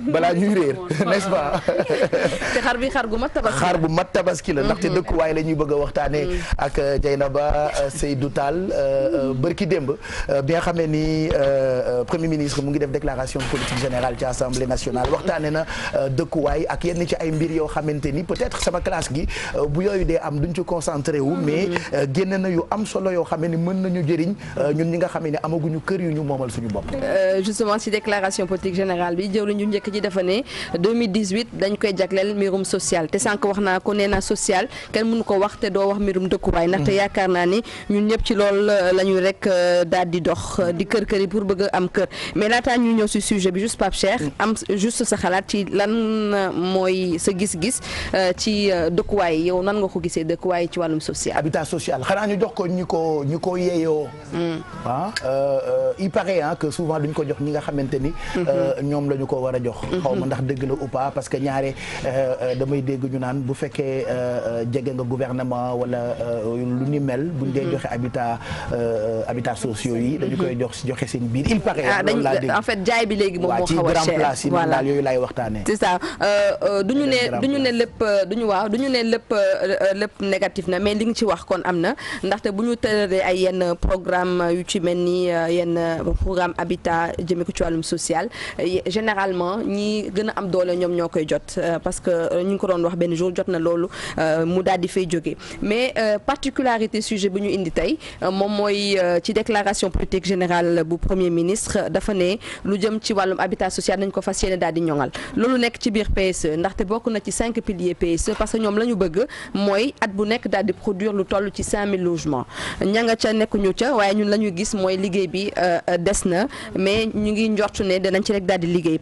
balaa ñuy réer n'est-ce pas te xar bi xar gu mat tabaski xar bu mat tabaski la ndaxte mhm. dëkkuwaay la ñuy bëgg a waxtaanee mhm. ak euh, Dieynaba euh, Seydou Tall euh, mhm. bërki démb bi nga xam ne ni premier ministre mu ngi def déclaration de politique générale ci assemblée nationale waxtaane na dëkkuwaay ak yenn ci ay mbir yoo xamante ni peut-être sama classe gi bu yooyu de am duñ ci concentré wu mais génn na yu am solo yoo xam ne mën nañu jëriñ ñun ñi nga xam ne amaguñu kër yu ñu moomal suñu bopp justement jekk ji dafa ne 2018 dañ koy jagleel mbirum social te sànq wax naa ko nee naa social kenn mënu ko wax te doo wax mbirum dëkkuwaay ndaxte mm-hmm. yaakaar naa ni ñun ñëpp ci lool euh, la ñuy rek euh, daal di dox euh, di kër kër yi pour bëgg am kër mais laataa ñu ñëw si sujet bi juste Pape Cheikh mm. am juste sa xalaat ci lan mooy sa gis-gis ci dëkkuwaay yow nan nga ko gisee dëkkuwaay ci wàllum social. habitat social xanaa ñu jox ko ñu ko ñu ko yeeyoo. Mm. ah il paraît que souvent duñ ko jox ñi nga xamante ni. Mm-hmm. ñoom a dox. ndax dëgg la ou parce que ñaare euh, euh, damay dégg ñu naan bu fekkee euh, jege nga gouvernement wala lu ni mel. buñ dee mhm. joxe habitat habitat sociaux yi. Mhm. dañu koy jox joxe seen biir il paraît. ah dañ en fait jaay bi léegi moom moo xaw a cher. voilà ci grand place duñu ne duñu ne lépp duñu waaw duñu ne lépp lépp négatif na mais li nga ci wax kon am na ndaxte bu ñu tëralee ay yenn programme yu ci mel ni yenn programme habitat jëmee ko ci wàllum social généralement. ñi gën a am doole ñoom ñoo koy jot euh, parce que euh, ñu ngi ko doon wax benn jour jot na loolu euh, mu daal di fay jóge mais particularité sujet bu ñu indi tey moom mooy ci déclaration politique général bu premier ministre dafa ne lu jëm ci wàllum habitat social nañ ko fas yéene daal di ñoŋal loolu nekk ci biir PSE ndaxte bokk na ci cinq piliers PSE parce que ñoom la ñu bëgg mooy at bu nekk daal di produire lu toll ci cinq mille logements ña nga ca nekkuñu ca waaye ñun la ñuy gis mooy liggéey bi des na mais ñu ngi njort ne danañ ci daal di liggéey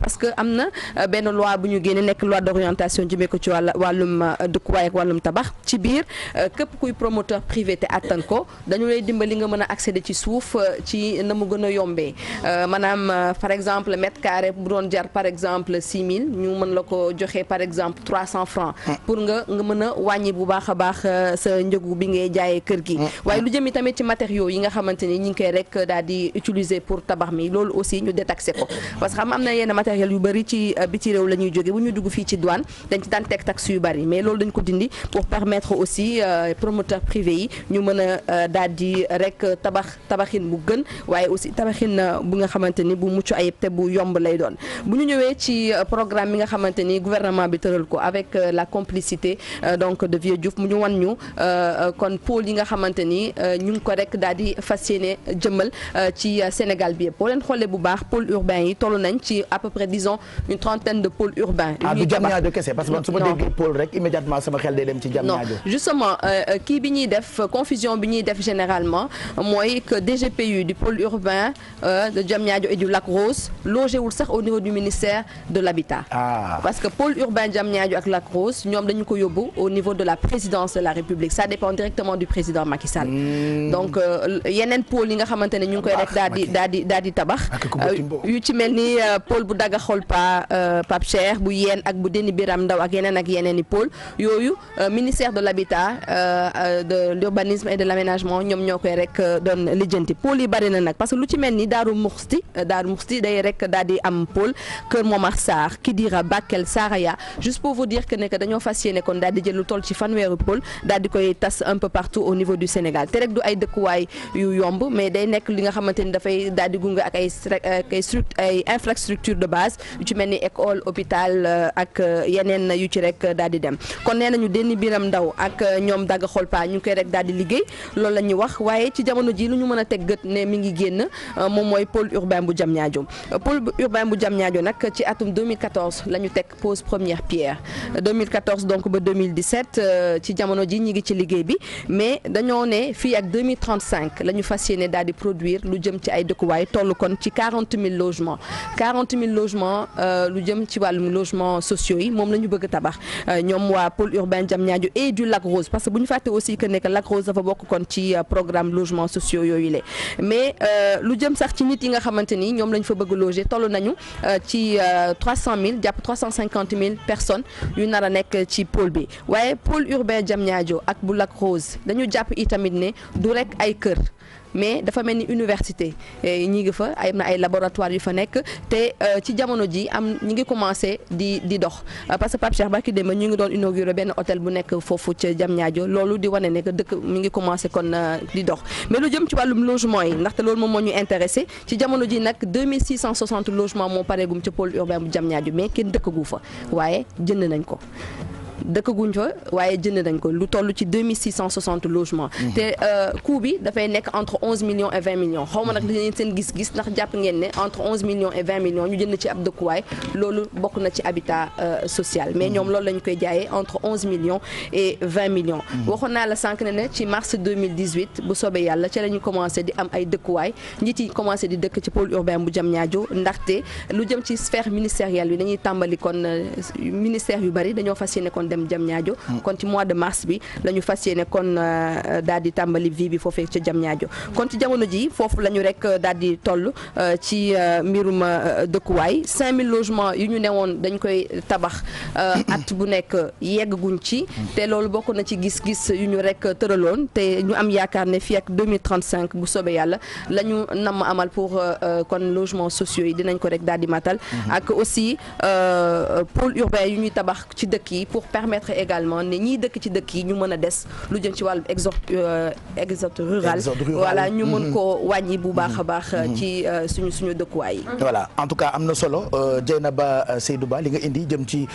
am na euh, benn loi bu ñu génne nekk loi d'orientation jëmee ko ci wàll wàllum euh, dëkkuwaay ak wàllum tabax ci biir euh, képp kuy promoteur privé te attan ko dañu lay dimbali nga mën a accéder ci suuf ci na mu gën a yombee maanaam par exemple mètre carré bu doon jar par exemple 6000 ñu mën la ko joxe par exemple 300 francs mm. pour nga nga mën a wàññi bu baax a baax sa njëgu bi ngay jaayee kër gi mm. waaye lu jëmi tamit ci matériaux yi nga xamante ni ñu ngi koy rek daal di utiliser pour tabax mi loolu aussi ñu détaxé ko bi ci euh, biti réew la ñuy jóge bu ñu dugg fii ci douane dañ ci daan teg taxe yu bari mais loolu dañ ko dindi pour permettre aussi euh, promoteur privé yi ñu mën a euh, daal di rek tabax tabaxin bu gën waaye aussi tabaxin bu nga xamante ni bu mucc ayib te bu yomb lay doon bu ñu ñëwee ci programme bi nga xamante ni gouvernement bi tëral ko avec la complicité donc de Vieux Diouf mu ñu wan ñu kon pôle yi nga xamante ni ñu ngi ko rekk daal di fas yéene jëmmal ci Sénégal bi yëpp boo leen xoolee bu baax toll nañ ci à peu une trentaine de pôles urbains. yu ah, ñuy tabax ah pôle rek immédiatement sama xel day dem ci Diamniadio. non justement euh, euh, kii bi ñuy def confusion bi ñuy def généralement mooy que DGPU du pôle urbain euh, de Diamniadio et du Lac Rose logé wul sax au niveau du ministère de l'habitat ah. parce que pôle urbain Diamniadio ak Lac Rose ñoom dañu ko yóbbu au niveau de la présidence de la République ça dépend directement du président Macky Sall. Hmm. donc yeneen pôle yi nga xamante ne ñu ngi koy rek daal di daal di daal di tabax. yu bu Daga pa euh, pap Cheikh bu yeen ak bu deni Biram Ndaw ak yeneen ak yeneen i pol yooyu euh, ministère de l'habitat euh, de l'urbanisme et de l'aménagement ñoom ñoo koy rek doon lijjanti pôle yi bari na nag parce que lu ci mel ni Daaru Muxti Daaru Muxti day rek daal di am pôle Kër Momar Sarr Kidira Bakel Saraya juste pour vous dire que ne que dañoo fas yéene kon daal di jël lu toll ci fanweeru pol daal di koy tas un peu partout au niveau du Sénégal te rek du ay dëkkuwaay yu yomb mais day nekk li nga xamante ni dafay daal di gunge ak ay ay infrastructure de base yu ci mel ni école hôpital euh, ak euh, yeneen yu ci rek euh, daal di dem kon nee ñu Déni Biram Ndaw ak ñoom Daga Xolpa ñu ngi koy rek daal di liggéey loolu la ñuy wax waaye ci jamono ji lu ñu mën a teg gët ne mi ngi génn moom mooy pôle urbain bu Diamniadio pôle urbain bu Diamniadio nag ci atum 2014 la ñu teg pose première pierre 2014 donc ba 2017 ci jamono ji ñi ngi ci liggéey bi mais dañoo ne fii ak 2035 la ñu fas yéene daal di produire lu jëm ci ay dëkkuwaay toll kon ci 40 000 logements 40 Euh, lu jëm ci wàllum logement sociaux yi moom la ñu bëgg tabax euh, ñoom waa pôle urbain Diamniadio et du Lac Rose parce que bu ñu fàtte aussi que nekk Lac Rose dafa bokk kon ci euh, programme logement sociaux yooyu le mais lu jëm sax ci nit yi nga xamante ni ñoom la fa bëgg loger toll nañu ci cent mille jàpp mille personnes yu nar a nekk ci pôle bi waaye pôle urbain Diamniadio ak bu Lac Rose dañu jàpp itamit ne du rek ay kër. mais dafa mel ni université ñi ngi fa ay na ay laboratoire yu fa nekk te euh, ci jamono ji am ñu ngi commencé di di dox euh, parce que Pape Cheikh barki démb ñu ngi doon inauguré benn hôtel bu nekk foofu ca Diamniadio loolu di wane ne que dëkk mi ngi commencé kon euh, di dox mais lu jëm ci wàllum logement yi ndaxte loolu moom moo ñu intéressé ci jamono ji nag 2660 logements moo pareegum ca pôle urbain bu Diamniadio mais kenn dëkk gu fa waaye jënd nañ ko dëkkaguñ fa waaye jënd nañ ko lu toll ci 2660 logements. Mhm. te euh, coût bi dafay nekk entre onze millions et 20 millions. xaw ma nag dañu seen gis-gis ndax jàpp ngeen ne entre 11 millions et 20 millions ñu jënd ci ab dëkkuwaay loolu bokk na ci habitat euh, social mais mhm. ñoom loolu lañu koy jaayee entre onze millions et 20 millions. Mhm. waxoon naa la sànq ne ne ci mars 2018 bu soobee yàlla ci la ñu commencé di am ay dëkkuwaay nit yi commencé di dëkk ci pôle urbain bu Diamniadio ndaxte lu jëm ci sphère ministérielle bi dañuy tàmbali kon euh, ministère yu bari dañoo fas yéene kon dem jam ñaajo kon ci mois de mars bi la ñu fas yéene kon euh, daal di tàmbali vie bi foofee ca jam ñaajo kon ci jamono ji foofu lañu ñu rek euh, daal di toll euh, ci mbirum dëkkuwaay 5000 logements yu ñu newoon dañ koy tabax at bu nekk yegg guñ ci te loolu bokk na ci gis-gis yu ñu rek tëraloon te ñu am yaakaar ne fi ak 2035 bu soobee yàlla la ñu namm amal pour kon logements sociaux yi dinañ ko rek daal di matal mhm. ak aussi pôle urbain yu ñuy tabax ci dëkk yi pour permettre également ne ñiy dëkk ci dëkk yi ñu mën a des lu jëm ci wàllum euh, exode exode rural voilà ñu mën mhm. ko wàññi bu baax a mhm. baax mhm. ci euh, suñu suñu dëkkuwaay yi voilà en tout cas am na solo euh, Dieynaba na Ba li nga indi jëm ci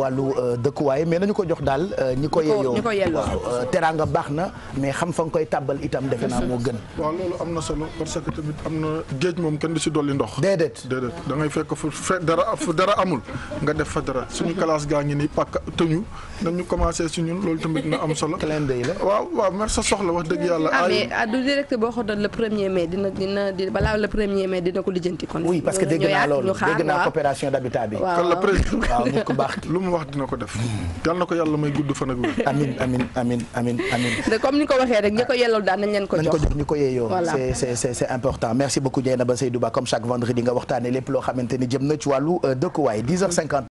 wàllu dëkkuwaay mais nañu ko jox daal ñi ko yeyoo ñi ko yelloo teraanga baax na mais xam fa nga koy tàbbal itam defe naa moo gën waaw loolu am na solo parce que na géej moom kenn du si dolli ndox déedéet déedéet da ngay fekk fu dara fu dara amul nga def fa dara suñu classe gaa ngi ni pàkk tëñu nañu commencé si ñun loolu tamit na am solo. clin d'œil la waaw waaw mer sa soxla wax dëgg yàlla. ah, ah du direct boo ko doon premier mai dina dina balaa le premier mai dina ko lijjanti kon. oui parce que dégg naa loolu dégg naa lu mu wax dina ko def. yal na ko lépp loo xamante ni jëm na ci wàllu euh, dëkkuwaay 10